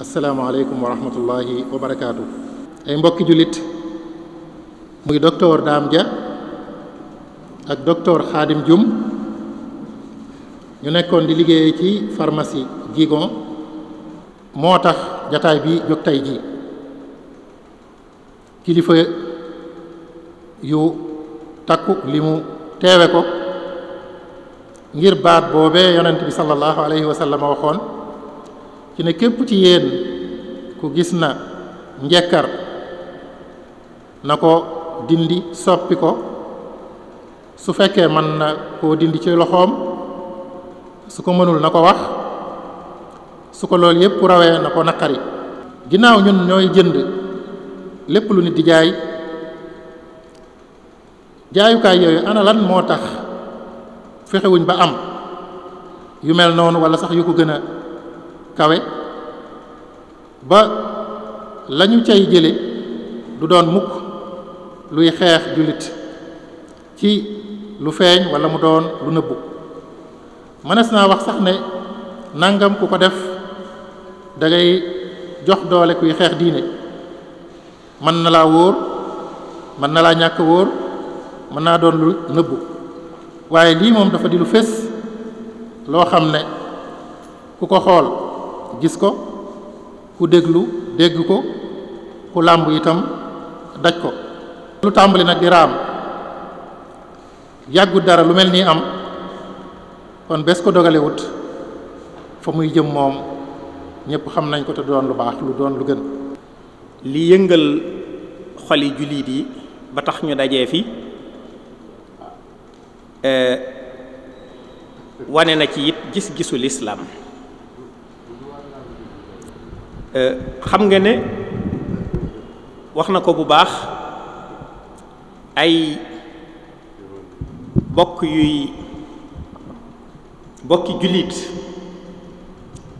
asalaamaaleykum wa rahmatullahi wa barakaatu. ay mbokki jullit muy docteur Dame Dia ak docteur Khadim Dioum ñu nekkoon di liggéeye ci pharmacie Digon moo tax jataay bi jóg tey ji kilifa yu takku li mu teewe ko ngir baat boobee yonent bi sallallahu alayhi wa sallam waxoon ci ne képp ci yéen ku gis na njekkar na ko dindi soppi ko su fekkee mën na koo dindi ci loxoom su ko mënul na ko wax su ko loolu yépp rawee na ko naqari ginnaaw ñun ñooy jënd lépp lu nit di jaay jaayukaay yooyu ana lan moo tax fexewuñ ba am yu mel noonu walla sax yu ko gën a kawe ba lañu cay jële du doon mukk luy xeex jullit ci lu feeñ wala mu doon lu nëbbu mënees naa wax sax ne nangam ku ko def dangay jox doole kuy xeex diine mën na laa wóor mën na laa ñàkk wóor mën naa doon lu nëbbu waaye lii moom dafa di lu fés loo xam ne ku ko xool gis ko ku déglu dégg ko ku làmb itam daj ko lu tàmbali nag di raam yàggut dara lu mel nii am kon bés ko dogalewut fa muy jëm moom ñëpp xam nañ ko te doon lu baax lu doon lu gën li yëngal xoli jullit yi ba tax ñu dajee fi eh, wane na ci it gis-gisu lislaam xam nga ne wax na ko bu baax ay bokk yuy bokki jullit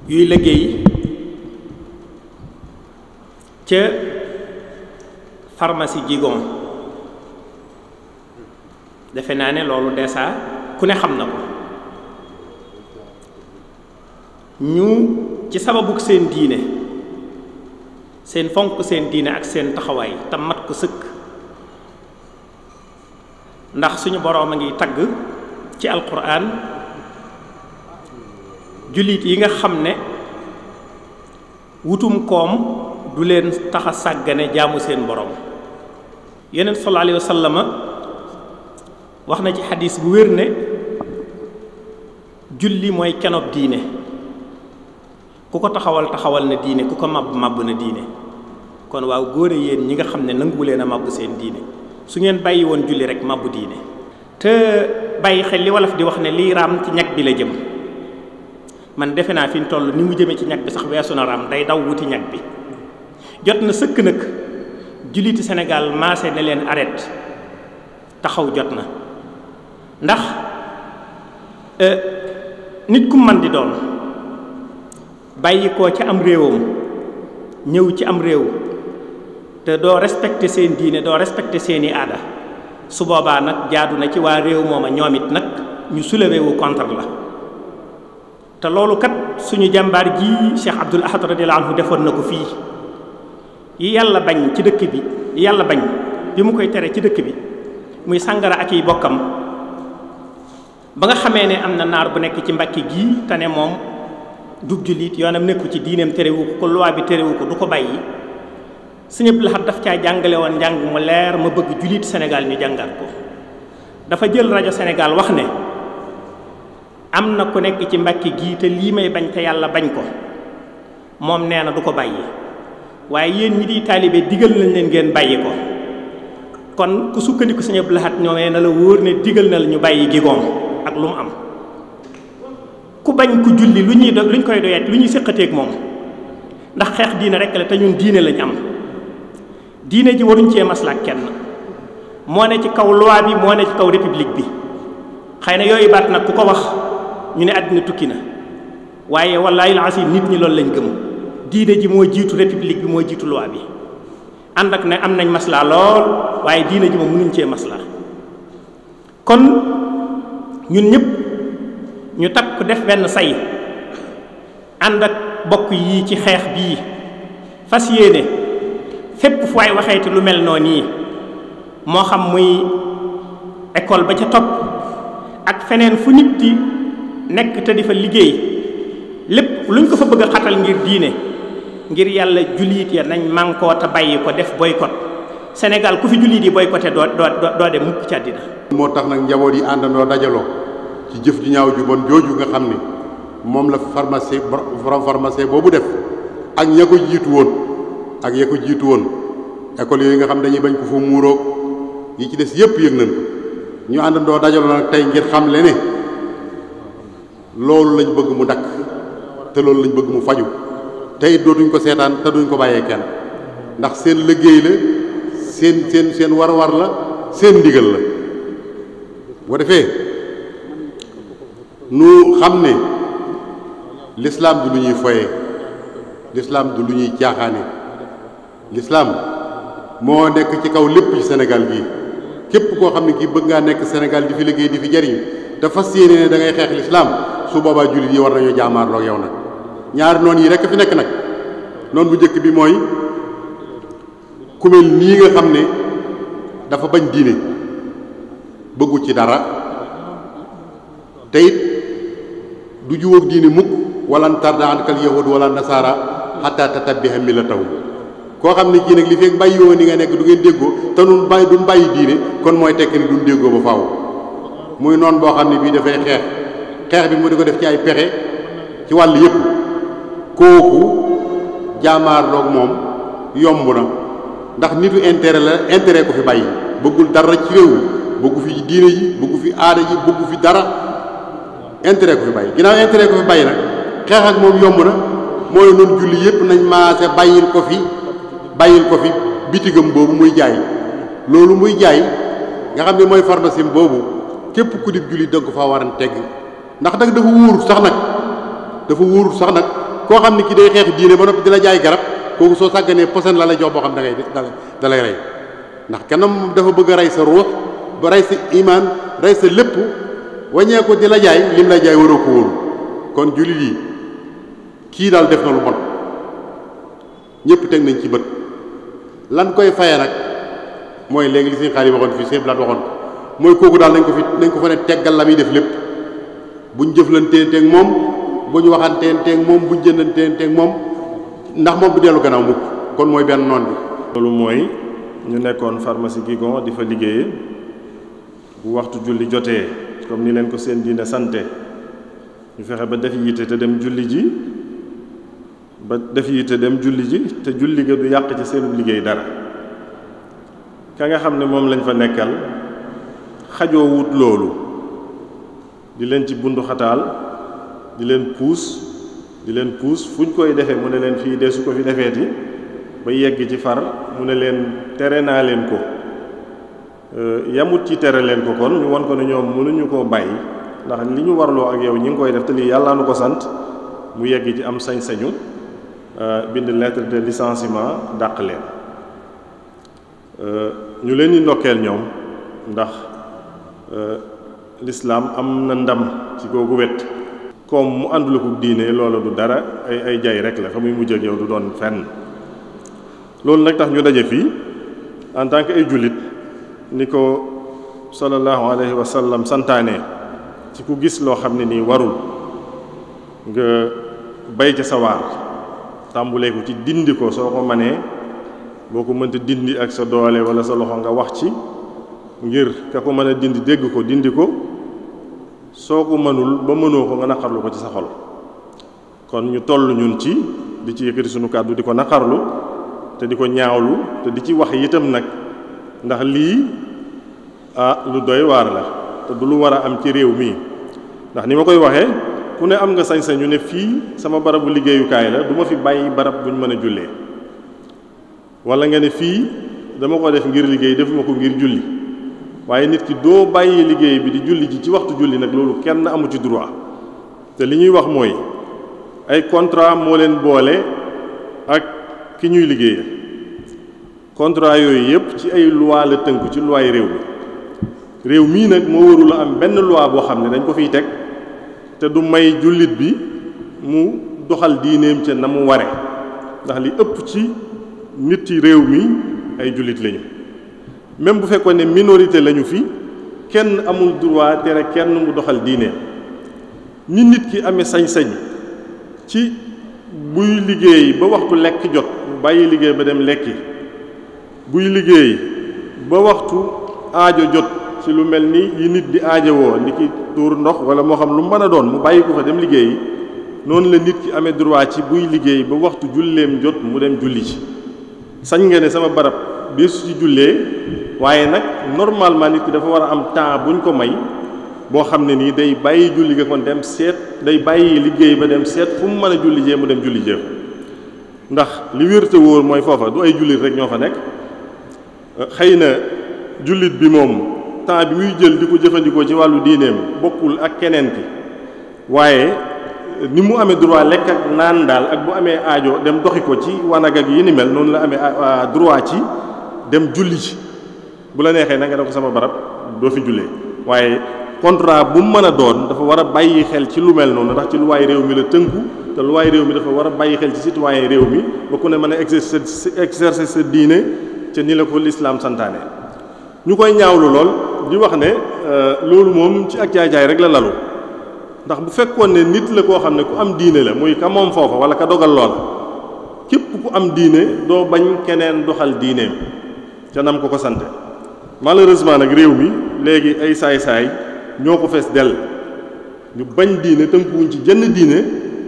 yuy liggéey ca pharmacie Digon defe naa ne loolu dèjà ku ne xam na ko ñu ci sababuk seen diine seen fonk seen diine ak seen taxawaay tam mat ko sëkk ndax suñu boroom a ngi tagg ci alquran jullit yi nga xam ne wutum koom du leen tax sàggane jaamu seen boroom yeneen sallallahu alayhi wa wax na ci xadis bu wér ne julli mooy kenob diine ku ko taxawal taxawal na diine ku ko màbb màbb na diine kon waaw góor góore yéen ñi nga xam ne nanguwu leen a màbbu seen diine su ngeen bàyyi woon julli rek màbbu diine te bàyyi xel li wolof di wax ne lii raam ci ñag bi la jëm man defe naa fi mu toll ni mu jëmee ci ñag bi sax weesu na raam day daw wuti ñag bi jot na sëkk nag julliti senegal maase ne leen arrêté taxaw jot na ndax euh, nit kum man di doon bàyyi ko ci am réewam ñëw ci am réew te doo respecté seen diine doo respecté seeni aada su boobaa nag jaadu na ci waa réew mooma ñoom it nag ñu soulever wu contre la te loolu kat suñu jàmbaar ji Cheikh Abdoul Ahad radiyallahu anhu defoon na ko fii yi yàlla bañ ci dëkk bi yi yàlla bañ bi mu koy tere ci dëkk bi muy sàngara ak yi bokkam ba nga xamee ne am na naar bu nekk ci mbàkki gii te ne moom dub jullit yoonam nekku ci diineem terewu ko loi bi terewu ko du ko bàyyi Sëñ Abdou Lahad daf caa jàngale woon njàng mu leer ma bëgg jullit Sénégal ñu jàngat ko dafa jël rajo Sénégal wax ne am na ku nekk ci Mbàkke gii te lii may bañ te yàlla bañ ko moom nee na du ko bàyyi waaye yéen ñi di taalibe digal nañ leen ngeen bàyyi ko kon ku sukkandiku Sëñ Abdou Lahad na la wóor ne digal na la ñu bàyyi gigoom ak lu mu am ku bañ ku julli lu ñuy luñ koy doyet lu ñuy séqateeg moom ndax xeex diine rek la te ñun diine lañ am diine ji waruñ cee maslaak kenn moo ne ci kaw loi bi moo ne ci kaw république bi xëy na yooyu baat nag ku ko wax ñu ne àddina tukki na waaye wallaahi laasim nit ñi loolu lañ gëm diine ji moo jiitu république bi moo jiitu loi bi ànd ak ne am nañ maslaa lool waaye diine ji moom mënuñ cee maslaa kon ñun ñépp ñu takk def benn say ànd ak bokk yi ci xeex bii fas yéene fépp fu waay waxeeti lu mel noonu yi moo xam muy école ba ca topp ak feneen fu nit di nekk te di fa liggéey lépp luñ ko fa bëgg a xatal ngir diine ngir yàlla jullit ya nañ mànkoo te bàyyi ko def boycott senegal ku fi jullit yi boycotté doo doo doo dem mukk ci àddina moo tax nag njaboot yi àndandoo dajaloo ci jëf ju ñaaw ju jooju nga xam ni moom la pharmacie borom pharmacie boobu def ak ña ko jiitu woon ak ya ko jiitu woon école yooyu nga xam dañuy bañ ko fu muuroog yi ci des yépp yëg na ko ñu àndandoo dajaloo nag tey ngir xam le loolu lañ bëgg mu dakk te loolu lañ bëgg mu faju tey dootuñ ko seetaan te duñ ko bàyyee kenn ndax seen liggéey la seen seen seen war-war la seen ndigal la bu defee nu xam ne lislaam du lu ñuy foye l'islam du lu ñuy caaxaane lislaam moo nekk ci kaw lépp ci Sénégal gii képp koo xam ne kii bëgg ngaa nekk Sénégal di fi liggéey di fi jariñ te fas yéene ne da ngay xeex lislaam su boobaa jullit yi war nañoo jaamaarloo ak yow nag ñaari noonu yi rekk fi nekk nag noon bu njëkk bi mooy ku mel nii nga xam ne dafa bañ diine bëggu ci dara te it du juwóog diine mukk wala tarda ankal yahud wala nasaara xataa tatabbiha millatahu koo xam ne kii nag li fekk bàyyi woon ni nga nekk du ngeen déggoo te bay bàyyi duñ bàyyi diine kon mooy tekk ni duñ déggoo ba faaw muy noon boo xam ne bii dafay xeex xeex bi mu di ko def ci ay pexe ci wàll yëpp kooku doog moom yomb na ndax nitu intere la intérêt ko fi bàyyi bëggul dara ci réew bëggu fi diine yi bëggu fi aada yi bëggu fi dara intérêt ko fi bàyyi ginnaaw intérêt ko fi bàyyi nag xeex ak moom yomb na mooy noonu julli yëpp nañ maase bàyyil ko fi bàyyil ko fi bitigam boobu muy jaay loolu muy jaay nga xam ne mooy pharmacie boobu képp ku dib jullit da nga ko faa ndax nag dafa wóorut sax nag dafa wóorut sax nag koo xam ne kii day xeex diine ba noppi dina jaay garab kooku soo sàgganee posen la lay jox boo xam da ngay da lay rey ndax kenn dafa bëgg a rey sa ruux ba rey sa imaan rey sa lépp waññee ko di la jaay lim la jaay waroo ko wóolu kon jullit yi kii daal def na lu bon ñëpp teg nañ ci bët lan koy faye nag mooy léegi li siñ xaar yi waxoon fii sëñ Blaat waxoon mooy kooku daal nañ ko fi nañ ko fa ne teggal la muy def lépp buñ jëflanteeg moom buñ waxanteeg moom buñ jëndanteeg moom ndax moom du dellu gannaaw mukk kon mooy benn noon bi loolu mooy ñu nekkoon pharmacie Guigon di fa liggéeye bu waxtu julli jotee comme ni leen ko seen diine sante ñu fexe ba def yitte te dem julli ji ba def yi te dem julli ji te julli ga du yàq ci seenub liggéey dara ka nga xam ne moom lañ fa nekkal xajoo wut loolu di leen ci bunduxataal di leen puus di leen puus fu ñu koy defee mu ne leen fii dee su ko fi defeeti ba yegg ci far mu ne leen tere naa leen ko euh, yamut ci tere leen ko kon ñu won ko ne ñoom mënuñu koo bàyyi ndax li ñu warloo ak yow ñi ngi koy def te lii yàlla nu ko sant mu yegg ci am sañ-sañu Euh, bind lettre de licenciement dàq leen euh, ñu leen di ndokkeel ñoom ndax euh, lislaam am na ndam ci googu wet comme mu àndul ko diine loola du dara ay ay jay rek la fa muy mujj ak yow du doon fenn loolu nag tax ñu daje fii en tant que ay jullit ni ko sallallahu alayhi wa sallam santaane ci ku gis loo xam ne nii warul nga bay ca sa tàmbulee ko ci dindi ko soo ko manee boo ko mënta dindi ak sa doole wala sa loxo nga wax ci ngir ka ko mën a dindi dégg ko dindi ko soo ko mënul ba mënoo ko nga naqarlu ko ci sa xol kon ñu toll ñun ci di ci yëkkati sunu kàddu di ko naqarlu te di ko ñaawlu te di ci wax itam nag ndax lii ah lu doy waar la te du lu war a am ci réew mii ndax ni ma koy waxee ku ne am nga sañ-sañu ne fii sama barabu liggéeyukaay la du ma fi bàyyi barab buñ mën a jullee wala nga ne fii dama ko def ngir liggéey defuma ko ngir julli waaye nit ki doo bàyyi liggéey bi di julli ji ci waxtu julli nag loolu kenn amu ci droit te li ñuy wax mooy ay contrat moo leen boole ak ki ñuy liggéey contrat yooyu yëpp ci ay loi la tënku ci loi réew mi réew mii nag moo warul a am benn loi boo xam ne dañ ko fiy teg. te du may jullit bi mu doxal diineem ca na mu ware ndax li ëpp ci nit réew mi ay jullit lañu même bu fekkoon ne minorité lañu fi kenn amul droit tere kenn mu doxal diineem ni nit ki amee sañ-sañ ci buy liggéey ba waxtu lekk jot mu bàyyi liggéey ba dem lekki buy liggéey ba waxtu aajo jot ci lu mel ni yi nit di aajowoo ni ki tuur ndox wala moo xam lu mën a doon mu bàyyi ko ko dem liggéeyi noonu la nit ki amee droit ci buy liggéey ba waxtu julleem jot mu dem julli ci sañ nga ne sama barab bi su ci waaye nag normalement nit ki dafa war a am temps buñ ko may boo xam ne nii day bàyyi julli ga kon dem seet day bàyyi liggéey ba dem seet fu mu mën a julli jee mu dem julli ndax li wér te wóor mooy foofa du ay jullit rek ñoo fa nekk xëy na jullit bi moom temps bi muy jël di ko jëfandikoo ci wàllu diineem bokkul ak keneen bi waaye ni mu amee droit lekk ak naan daal ak bu amee aajo dem doxi ko ci wanag ak yi ni mel noonu la amee ah, ah, droit ci dem julli ci bu la neexee na nga ne ko sama barab doo fi jullee waaye contrat bu mu mën a doon dafa war a bàyyi xel ci lu mel noonu ndax ci lu luwaay réew mi la tënku te lu waaye réew mi dafa war a bàyyi xel ci citoyen réew mi ba ku ne mën a exercer exercer sa diine ca ni la ko lislaam santaane ñu koy ñaawlu lool di wax ne euh, loolu moom ci ak jaay rek la lalu ndax bu fekkoon ne nit la koo xam ne ku am diine la muy ka moom foofa wala ka dogal lool képp ku am diine doo bañ keneen doxal diineem ca nam ko ko sante malheureusement nag réew mi léegi ay saay-saay ñoo ko fees dell ñu bañ diine tënkuwuñ ci jenn diine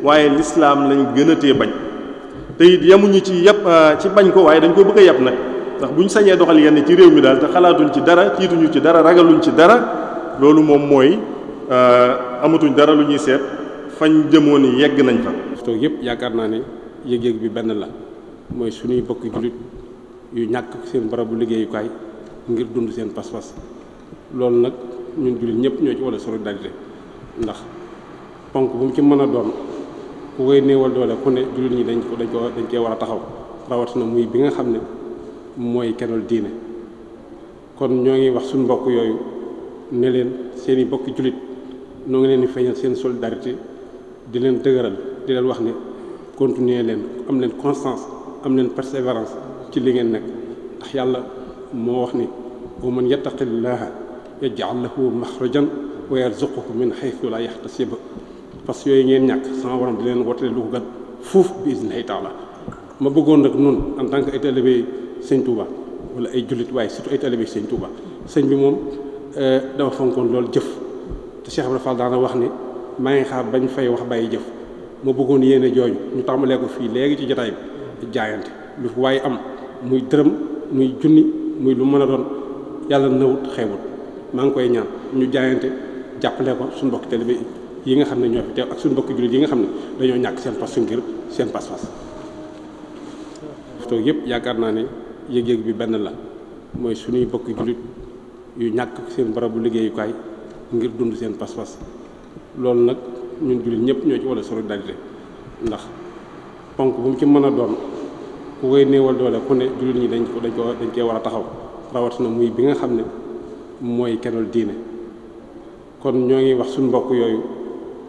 waaye lislaam lañ gën a tee bañ te it yemuñu ci yàpp euh, ci bañ ko waaye dañ ko bëgg a yàpp nag ndax bu ñu sañee doxal yenn ci réew mi daal te xalaatuñ ci dara tiituñu ci dara ragaluñ ci dara loolu moom mooy euh, amatuñ dara lu ñuy seet fañ jëmoo ni yegg nañ fa. toog yëpp yaakaar naa ne yëg-yëg bi benn la mooy suñuy bokk jullit yu ñàkk seen barabu liggéeyukaay ngir dund seen pas-pas loolu nag ñun jullit ñëpp ñoo ci wala solidarité ndax ponk bu mu ci mën a doon ku koy néewal doole ku ne jullit ñi dañ ko dañ ko dañ cee war a taxaw rawatina muy bi nga xam ne. mooy kenal diine kon ñoo ngi wax suñ mbokk yooyu ne leen seeni bokki jullit noo ngi leen di feeñal seen solidarité di leen dëgëral di leen wax ne continuer leen am leen constance am leen persévérance ci li ngeen nekk ndax yàlla moo wax ni wa man yattaqillaha yaj'al lahu maxrajan wa yarzuquhu min haythu la yahtasib parce que yooyu ngeen ñàkk sama borom di leen wotale lu ko gën fuuf bi iznihi taala ma bëggoon nag noonu en tant que ay talibé sëñ Touba wala ay jullit waaye surtout ay talibé sëñ Touba sëñ bi moom euh, dafa fonkoon loolu jëf te Cheikh Ibra Fall daana wax ni maa ngi xaar bañ fay wax bàyyi jëf moo bëggoon yéene jooju ñu tàmbalee ko fii léegi ci jotaay bi jaayante lu fi waaye am muy dërëm muy junni muy lu mën a doon yàlla nawut xewut maa ngi koy ñaan ñu jaayante jàppale ko suñu mbokk talibé yi nga xam ne ñoo fi teew ak suñu mbokk jullit yi nga xam ne dañoo ñàkk seen pas ngir seen pas-pas toog yaakaar naa ne yëg-yëg bi benn la mooy suñuy bokki jullit yu ñàkk seen barabu liggéeyukaay ngir dund seen pas-pas loolu nag ñun jullit ñëpp ñoo ci wala solidarité ndax ponk bu mu ci mën a doon ku koy néewal doole ku ne jullit ñi dañ ko dañ ko dañ cee war a taxaw na muy bi nga xam ne mooy kennal diine kon ñoo ngi wax suñu mbokk yooyu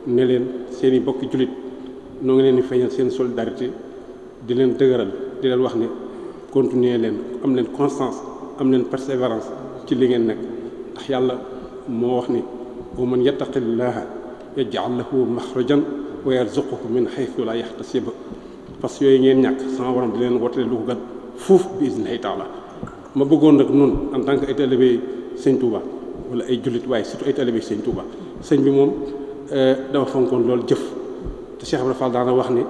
ne leen seen i bokki jullit noo ngi leen di feeñal seen solidarité di leen dëgëral di leen wax ne continuer leen am leen constance am leen persévérance ci li ngeen nekk ndax yàlla moo wax ni wa man yattaqillaha yaj'al lahu maxrajan wa yarzuquhu min haythu la yahtasib parce que yooyu ngeen ñàkk sama borom di leen wotale lu ko gat fuuf bi isnillahi taala ma bëggoon nag noonu en tant que ay talibé sëñ Touba wala ay jullit waaye surtout ay talibé sëñ Touba sëñ bi moom euh, dafa fonkoon loolu jëf te Cheikh Ibrahima daana wax ni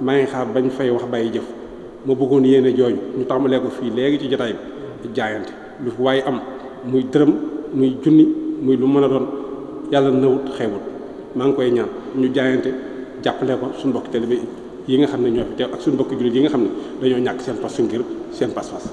maa ngi xaar bañ fay wax bàyyi jëf ma bëggoon yéene jooñ ñu tàmbalee ko fii léegi ci jotaay bi jaayante lu fi waaye am muy dërëm muy junni muy lu mën a doon yàlla nawut xewut maa ngi koy ñaan ñu jaayante jàppale ko suñu mbokki bi yi nga xam ne ñoo fi teew ak suñu mbokki jullit yi nga xam ne dañoo ñàkk seen pas ngir seen pas-pas